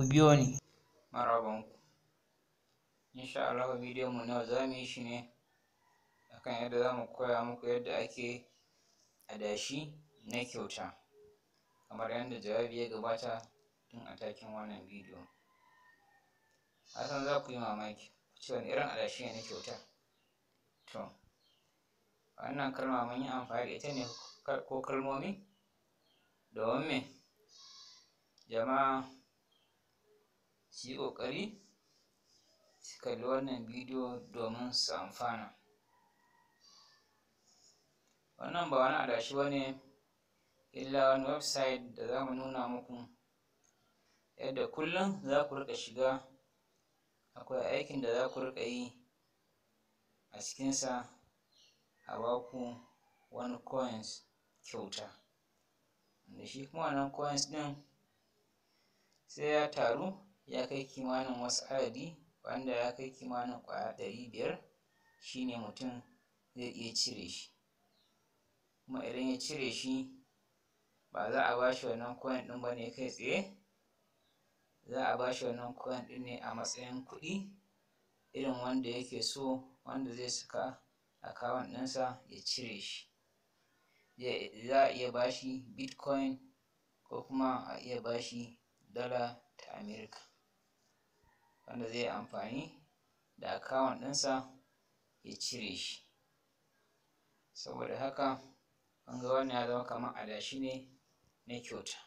ku biyo ni marabanku insha Allah bidiyon mu nawa za mu yi shi ne akan yadda za mu koya muku yadda ake adashi na kyauta kamar yadda jawabi ya gabata tun a takin wannan bidiyo san za ku yi mamaki ku ce wani irin adashi ne na kyauta to wannan kalma mun yi amfani da ita ne ko kalmomi domin me jama'a ki yi ƙoƙari ki kalli wannan bidiyo domin su amfana wannan ba wani adashi ba ne illa wani website da za mu nuna muku yadda kullum za ku riƙa shiga akwai aikin da za ku riƙa yi a cikinsa a ba ku wani coins kyauta da shi kuma wannan coins ɗin sai ya taru ya kai kimanin wasu adadi wanda ya kai kimanin ƙwaya ɗari biyar shi ne mutum zai iya cire shi kuma idan ya cire shi ba za a bashi wannan kwayan ɗin ba ne kai tsaye za a bashi wannan kwayan ɗin ne a matsayin kuɗi irin wanda yake so wanda zai saka akawun ɗinsa ya cire shi za a iya bashi bitcoin ko kuma a iya bashi dala ta Amerika. wanda zai yi amfani da akawun ɗinsa ya cire shi saboda haka an ga wannan ya zama kamar adashi ne na kyauta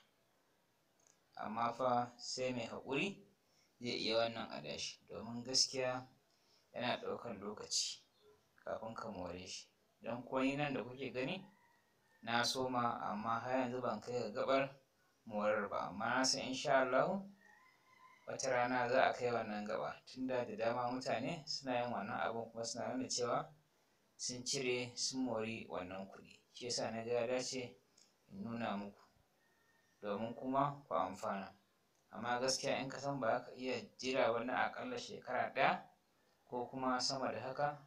amma fa sai mai haƙuri zai iya wannan adashi domin gaskiya yana ɗaukar lokaci kafin ka more shi don kuwa nan da kuke gani na soma amma har yanzu ban kai ga gabar morar ba amma na san insha Allah wata rana za a kai wannan gaba tun da da dama mutane suna yin wannan abin kuma suna nuna cewa sun cire sun mori wannan kuɗi shi yasa na ga dace in nuna muku domin kuma ku amfana amma gaskiya in ka san ba ka iya jira wani aƙalla shekara ɗaya ko kuma sama da haka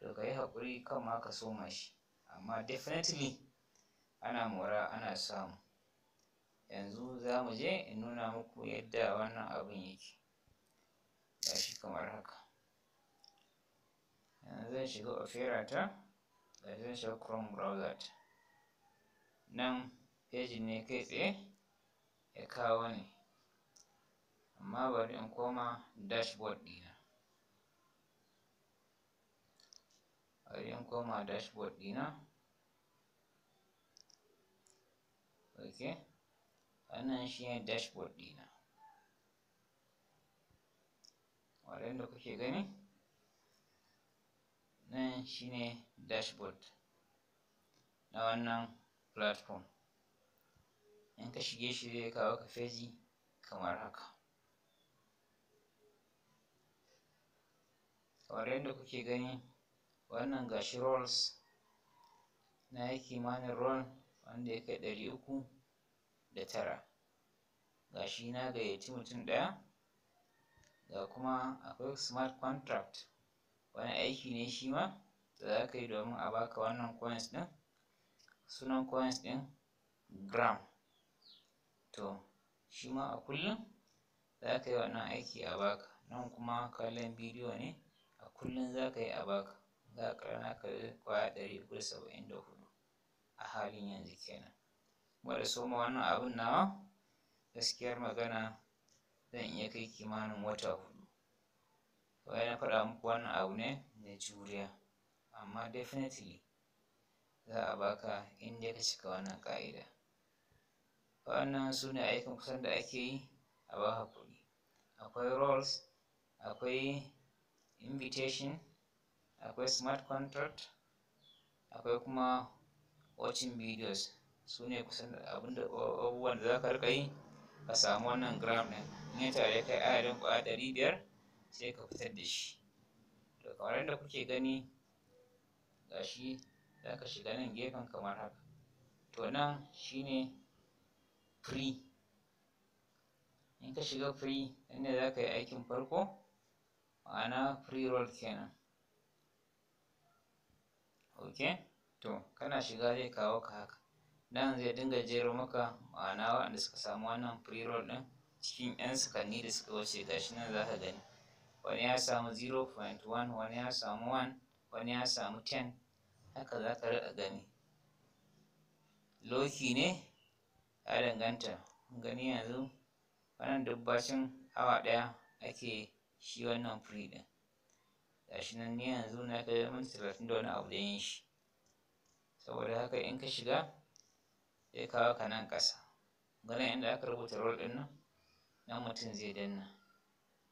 to ka yi haƙuri kan ma ka soma shi amma definitely ana mora ana samu yanzu za mu je in nuna muku yadda wannan abin yake Ya shi kamar haka yanzu zan shiga opera ta ga zan shiga chrome browser ta nan page ne kai tsaye ya kawo ne amma bari in koma dashboard dina bari in koma dashboard dina okay wannan shine dashboard dina waɗanda kuke gani nan shine dashboard na wannan platform in ka shige shi zai kawo ka feji kamar haka kamar yadda kuke gani wannan gashi rolls na yi kimanin roll wanda ya kai ɗari uku da tara ga shi na gayyaci mutum ɗaya ga kuma akwai smart contract wani aiki ne shi ma da za ka yi domin a baka wannan coins ɗin sunan coins ɗin gram to shi ma a kullum za ka yi wannan aiki a baka nan kuma kallon bidiyo ne a kullum za ka yi a baka za a ƙarna ka kwaya ɗari saba'in da hudu a halin yanzu kenan kuma da soma wannan abun nawa gaskiyar magana zan iya kai kimanin wata hudu kawai na faɗa muku wannan abu ne na juriya amma definitely za a baka in ka cika wannan ƙa'ida wannan su ne aikin kusan da ake yi a baka kuɗi akwai roles akwai invitation akwai smart contract akwai kuma watching videos su ne kusan abinda abubuwan da za ka rika yi ka samu wannan gram ɗin in ya tare kai adadin ƙwaya ɗari biyar sai ka fitar da shi to kamar yadda kuke gani ga shi za ka shiga nan gefen kamar haka to nan shi ne free in ka shiga free inda za ka yi aikin farko ma'ana free roll kenan ok to kana shiga zai kawo ka haka nan zai dinga jero maka ma'ana waɗanda suka samu wannan pre-roll ɗin cikin 'yan sakanni da suka wuce gashi nan za ka gani wani ya samu 0.1 wani ya samu 1 wani ya samu 10 haka za ka riƙa gani loki ne ya danganta gani yanzu wannan dubbacin awa ɗaya ake shi wannan free ɗin gashi nan ni yanzu na kai minti talatin da wani abu da yin shi saboda haka in ka shiga zai kawo ka nan ƙasa ganin inda aka rubuta rol ɗin nan nan mutum zai danna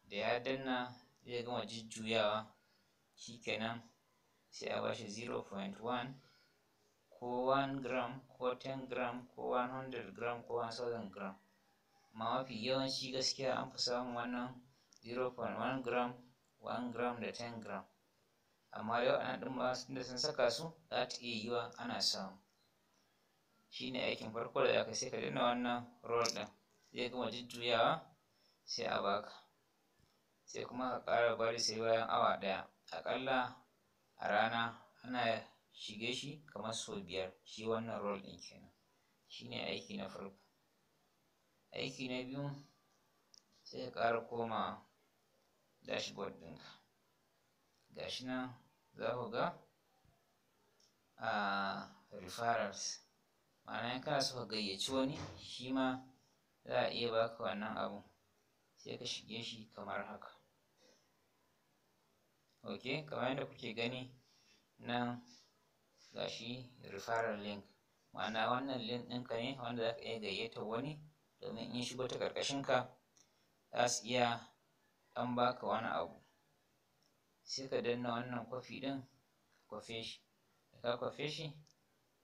da ya danna zai gama jujjuyawa kenan sai a bashi 0.1 ko 1 gram ko 10 gram ko 100 gram ko 1000 gram amma mafi yawanci gaskiya an fi samun wannan 0.1 gram 1 gram da 10 gram amma yau ana ɗin ba sun saka su za ta iya yiwa ana samu shine aikin farko da aka sai ka dina wannan roll ɗin zai gama jujjuyawa sai a baka sai kuma ka ƙara bari sai bayan awa ɗaya aƙalla a rana ana shige shi kamar sau biyar shi wannan roll ɗin kenan shine aiki na farko aiki na biyu sai ka ƙara koma dashboard ɗinka gashi nan za ku ga a ah, referrals ma'ana in kana so ka gayyaci wani shi ma za a iya baka wannan abu. sai ka shige shi kamar haka ok kamar yadda kuke gani nan gashi referral link ma'ana wannan link ɗinka ne wanda za ka iya gayyatar wani domin in shigo ta ƙarƙashinka za su iya ɗan baka wani abu sai ka danna wannan kwafi ɗin kwafe shi ka kwafe shi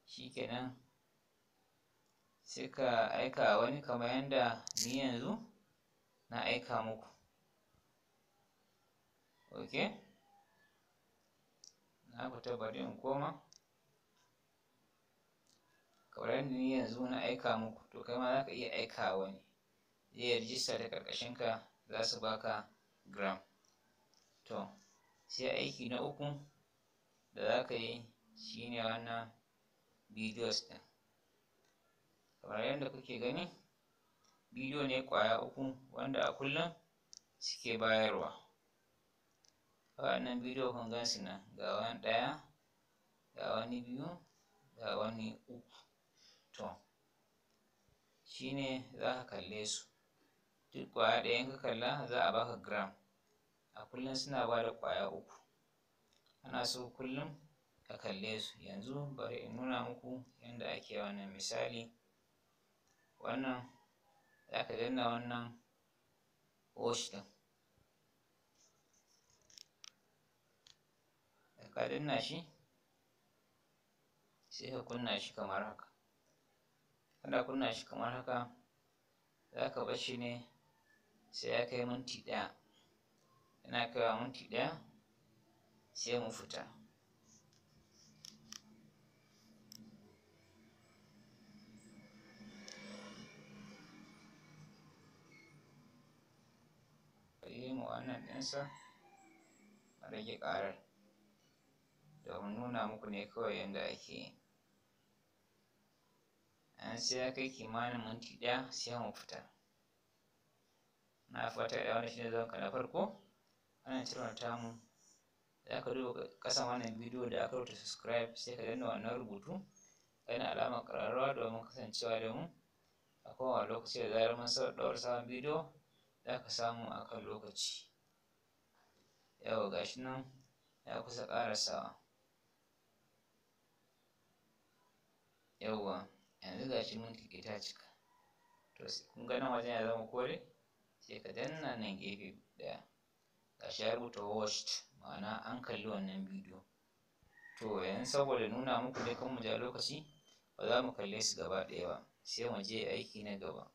shi kenan sai ka aika wani kamar yadda ni yanzu na aika muku ok na fita bari in koma kamar yadda ni yanzu na aika muku to kai ma za ka iya aika wani zai rijista da ƙarƙashinka za su baka gram to sai aiki na uku da za ka yi shine wannan videos ɗin kamar yadda kuke mm-hmm. gani bidiyo ne kwaya uku wanda a kullum suke bayarwa wannan bidiyo kun gan su nan ga wani ɗaya ga wani biyu ga wani uku to shine za ka kalle su duk kwaya ɗaya in ka kalla za a baka gram a kullum suna ba da kwaya uku ana so kullum ka kalle su yanzu bari in nuna muku yadda ake wannan misali wannan za ka danna wannan wash ɗin da ka danna shi sai ka kunna shi kamar haka kana kunna shi kamar haka za ka bar shi ne sai ya kai minti ɗaya yana kaiwa minti ɗaya sai mu fita mu wannan ɗinsa a rage ƙarar domin nuna muku ne kawai yadda ake yi an sai ya kai kimanin minti ɗaya sai mu fita na fata da wani shine zanka na farko ana cire tamu za ka duba ƙasa wannan bidiyo da aka rubuta subscribe sai ka danna wannan rubutu yana alamar ƙararrawa domin kasancewa da mu a kowane lokaci da zarar mun ɗaura sabon bidiyo za ka samu a kan lokaci Yau ga shi nan ya kusa ƙarasawa yauwa yanzu ga shi minti ta cika to kun ga wajen ya zama kore sai ka danna nan gefe ɗaya ga shi ya rubuta washed ma'ana an kalli wannan bidiyo to yanzu saboda nuna muku dai kan mu ja lokaci ba za mu kalle su gaba ɗaya ba sai mu je aiki na gaba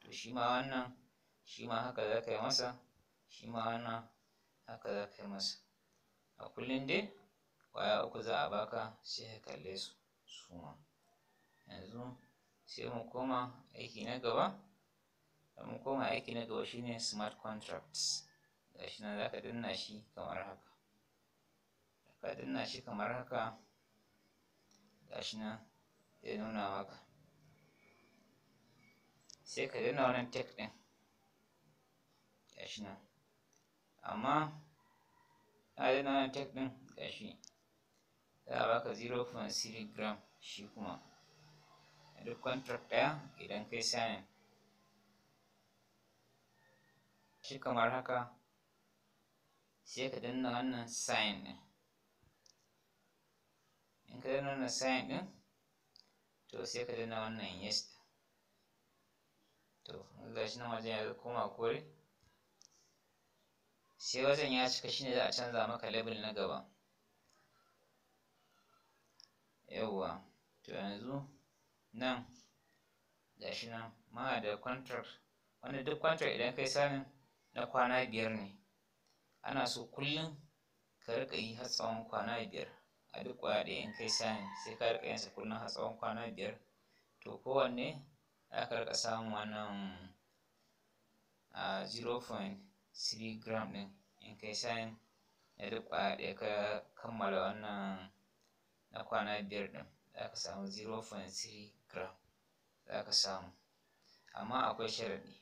to shi ma wannan shi ma haka za ka yi masa shi ma wannan haka za ka yi masa a kullum dai kwaya uku za a baka sai ka kalle su su ma yanzu sai mu koma aiki na gaba da mu koma aiki na gaba shine smart contracts shi nan za ka danna shi kamar haka ka danna shi kamar haka shi nan zai nuna maka sai ka danna wannan tek ɗin gashi nan amma adana tek ɗin gashi za a baka 0.3 gram shi kuma a duk contract ɗaya idan kai sanin shi kamar haka sai ka danna wannan sign ɗin in ka danna wannan sign ɗin to sai ka danna wannan yes ɗin to gashi nan wajen ya koma kore sai wajen ya cika shine za a canza maka label na gaba Yauwa, to yanzu nan shi nan muna da contract wanda duk contract idan kai sanin na kwana biyar ne ana so kullum ka riƙa yi har tsawon kwana biyar a duk kwaya da in kai sanin sai ka riƙa yansa kullum har tsawon kwana biyar to kowanne za ka riƙa samun wannan 0.5 ah, 3 gram ɗin in kai sayin na duk ƙwaya ɗaya ka kammala wannan na kwana biyar ɗin za ka samu 0.3 gram za ka samu amma akwai sharaɗi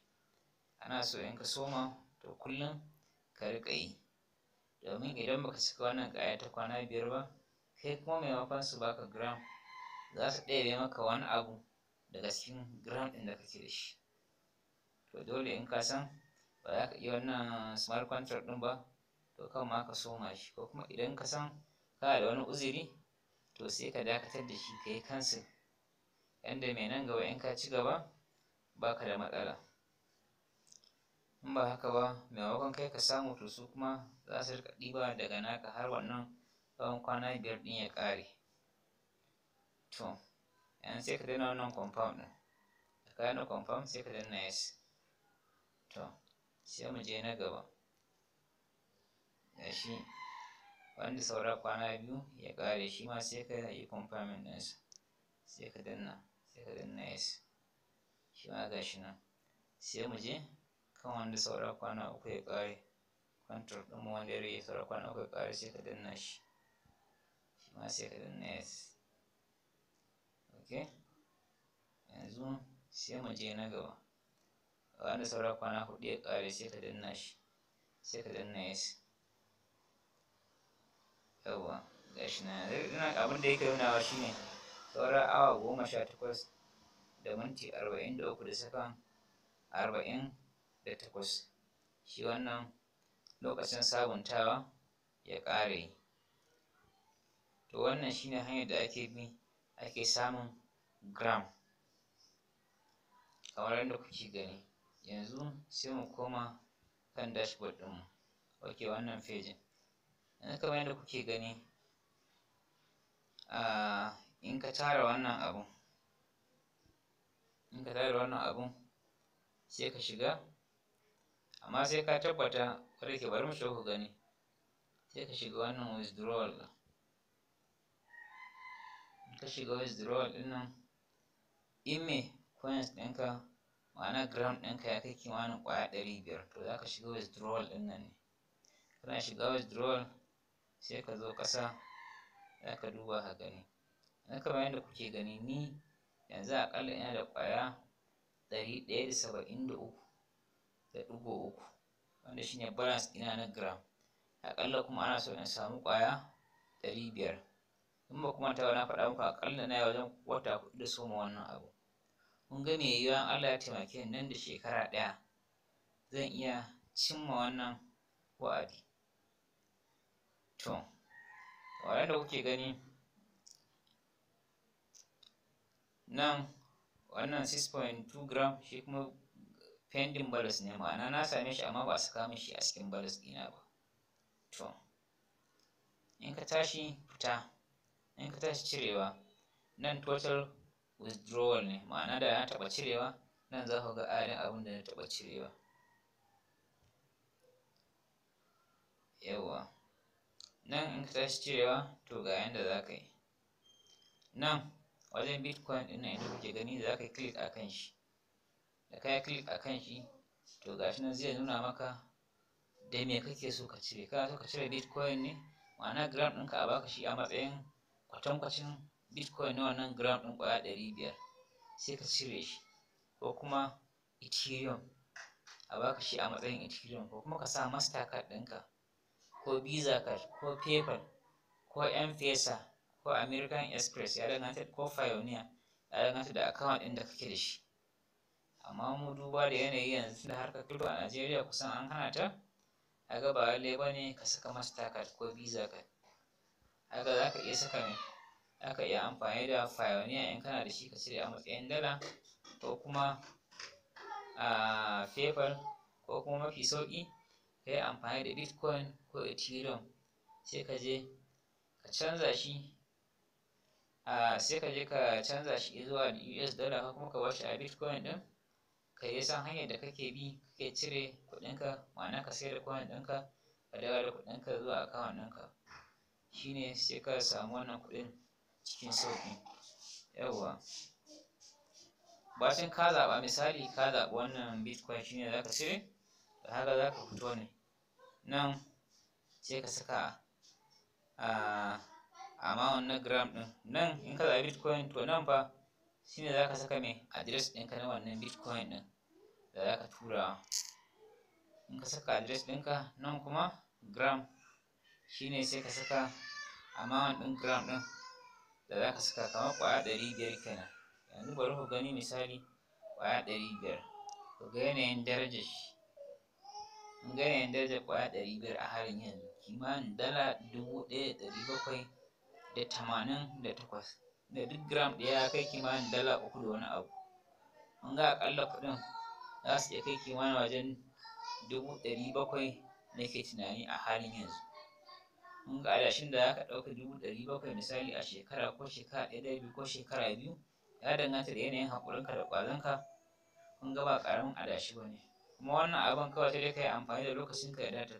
ana so in ka soma to kullum ka riƙa yi domin idan baka cika wannan ƙaya ta kwana biyar ba kai kuma maimakon su baka gram za su ɗebe maka wani abu daga cikin gram ɗin da kake da shi to dole in ka san ba za ka iya wannan smart contract ɗin ba to kan ma ka soma shi ko kuma idan ka san ka da wani uzuri to sai ka dakatar da shi ka yi cancel yanda mai nan gaba in ka ci gaba ba ka da matsala in ba haka ba maimakon kai ka samu to su kuma za su rika ɗiba daga naka har wannan tsawon kwana biyar ɗin ya ƙare to yan sai ka daina wannan compound ɗin Ka yana compound sai ka danna yes to sai mu je na gaba gashi wanda saura kwana biyu ya ƙare shi ma sai ka yi confirming ɗinsa sai ka danna sai ka danna yes shi ma gashi nan sai mu je kan wanda saura kwana uku ya ƙare control ɗin wanda ya saura kwana uku ya ƙare sai ka danna shi shi ma sai ka danna yes ok yanzu sai mu je na gaba wanda sauran kwana hudu ya ƙare sai ka danna shi sai ka danna yawa ga shi eh, na abin da yake nunawa shine sauran awa goma sha takwas da minti arba'in da uku da sakan arba'in da takwas shi wannan lokacin sabuntawa ya ƙare to wannan shine hanyar da ake bi ake samun gram kamar yadda kuke gani yanzu sai mu koma kan dashboard ɗinmu ok wannan fejin yanzu kamar yadda kuke gani uh, in ka tara wannan abun in ka tara wannan abun sai ka shiga amma sai ka tabbata kada ke bari mu shiga ku gani sai ka shiga wannan withdrawal ɗin ka shiga withdrawal ɗin nan ime coins ɗinka ma'ana gram ɗinka ya kai kimanin ƙwaya ɗari biyar to za ka shiga withdrawal ɗin nan ne kana shiga withdrawal sai ka zo ƙasa za ka duba ka gani na kamar yadda kuke gani ni yanzu aƙalla ina da ƙwaya ɗari ɗaya da saba'in da uku da ɗigo uku wanda shine balance ɗina na gram aƙalla kuma ana so in samu ƙwaya ɗari biyar in ba kuma ta na faɗa muku aƙalla na yi wajen wata huɗu da soma wannan abu kun ga me yiwuwa Allah ya taimake ni nan da shekara ɗaya zan iya cimma wannan wa'adi to wa'adi da kuke gani nan wannan 6.2 gram shi kuma pending balance ne ma'ana na same shi amma ba su kama shi a cikin balance ɗina ba to in ka tashi fita in ka tashi cirewa nan total withdrawal ne ma'ana da ya taɓa cirewa nan za ku ga ainihin abin da na taɓa cirewa yawa nan in ka tashi cirewa to ga yanda za ka yi nan wajen bitcoin ɗin nan inda kuke gani za ka yi click a kan shi da ka yi click a kan shi to ga shi nan zai nuna maka da me kake so ka cire kana so ka cire bitcoin ne ma'ana gram ɗinka a baka shi a matsayin kwatankwacin bitcoin nawa nan gram ɗin ƙwaya ɗari biyar sai ka cire shi ko kuma ethereum a baka shi a matsayin ethereum ko kuma ka sa mastercard ɗinka ko visa card ko paypal ko m ko american express ya danganta ko pioneer ya danganta da account ɗin da kake da shi amma mu duba da yanayi yanzu da harkar crypto a najeriya kusan an hana ta a ga ba lallai ba ne ka saka mastercard ko visa card za ka iya saka ne za iya amfani da pioneer in kana da shi ka cire a matsayin dala ko kuma a paypal ko kuma mafi sauki ka yi amfani da bitcoin ko ethereum sai ka je ka canza shi a sai ka je ka canza shi zuwa us dollar ko kuma ka bashi a bitcoin ɗin ka yi san hanyar da kake bi kake cire kuɗinka ma'ana ka sayar da coin ɗinka ka dawo da kuɗinka zuwa account ɗinka shine sai ka samu wannan kuɗin cikin sauƙi yawwa bacin ka zaɓa misali ka zaɓa wannan bitcoin ne za ka cire da haka za ka fito ne nan sai ka saka a amount na gram ɗin nan in ka zaɓi bitcoin to nan fa ne za ka saka mai adres ɗinka na wannan bitcoin ɗin da za ka tura in ka saka adres ɗinka nan kuma gram ne sai ka saka amount ɗin gram ɗin da za ka saka kamar ƙwaya ɗari biyar kenan yanzu bari ku gani misali ƙwaya ɗari biyar ku ga yanayin darajar shi mun ga yanayin darajar ƙwaya ɗari biyar a halin yanzu kimanin dala dubu ɗaya da ɗari bakwai da tamanin da takwas da duk gram ɗaya ya kai kimanin dala uku da wani abu mun ga aƙalla kuɗin za su iya kai kimanin wajen dubu ɗari bakwai nake tunani a halin yanzu mun ga adashin da zaka ɗauka dubu ɗari bakwai misali a shekara ko shekara ɗaya da biyu ko shekara biyu ya danganta da yanayin haƙurinka da ƙwazonka kun ga ba ƙaramin adashi ba ne kuma wannan abin kawai sai dai ka yi amfani da lokacin ka da ka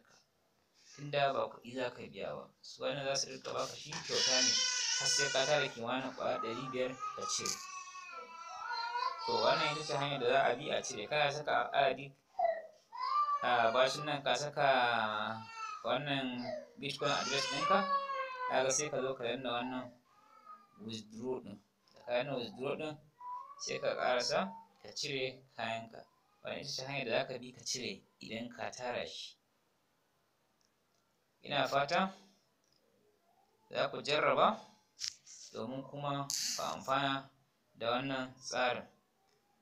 da ba kuɗi za ka biya ba su wani za su rika baka shi kyauta ne har sai ka tara kimanin ƙwaya ɗari biyar ka ce to wannan ita ce hanyar da za a bi a cire kana saka adadi a bashin nan ka saka wannan bitcoin address ɗinka kaga sai ka zo ka danna wannan withdraw ɗin da ka yanda withdraw ɗin sai ka ƙarasa ka cire kayanka wani ita ce hanyar da za ka bi ka cire idan ka tara shi ina fata za ku jarraba domin kuma ku amfana da wannan tsarin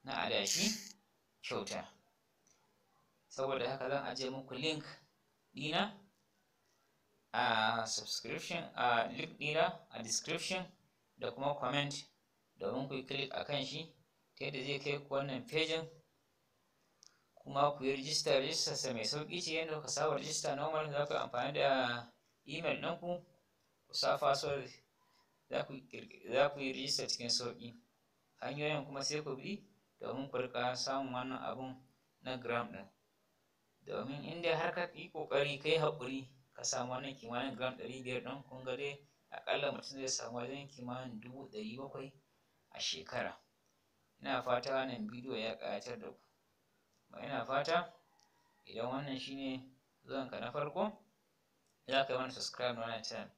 na adashi kyauta saboda haka zan ajiye muku link dina. a subscription a link dina a description da kuma comment domin ku click a kan shi ta yadda zai kai ku wannan pejin kuma ku yi rijista rijista sa mai sauki ce yadda ka sa register normal za ku amfani da email ɗinku ku sa password za ku yi register cikin sauki hanyoyin kuma sai ku bi domin ku rika samun wannan abun na gram ɗin domin inda har ka yi ƙoƙari kai haƙuri ka samu wannan kimanin gram ɗari biyar ɗin kun ga dai aƙalla mutum zai samu wajen kimanin dubu ɗari bakwai a shekara ina fata wannan bidiyo ya ƙayatar da ku ba ina fata idan wannan shine ka na farko za ka yi mana subscribe na wannan channel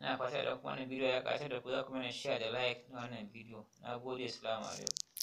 ina fata idan kuma wannan bidiyo ya ƙayatar da ku za ku mana share da like na wannan bidiyo na gode salamu alaikum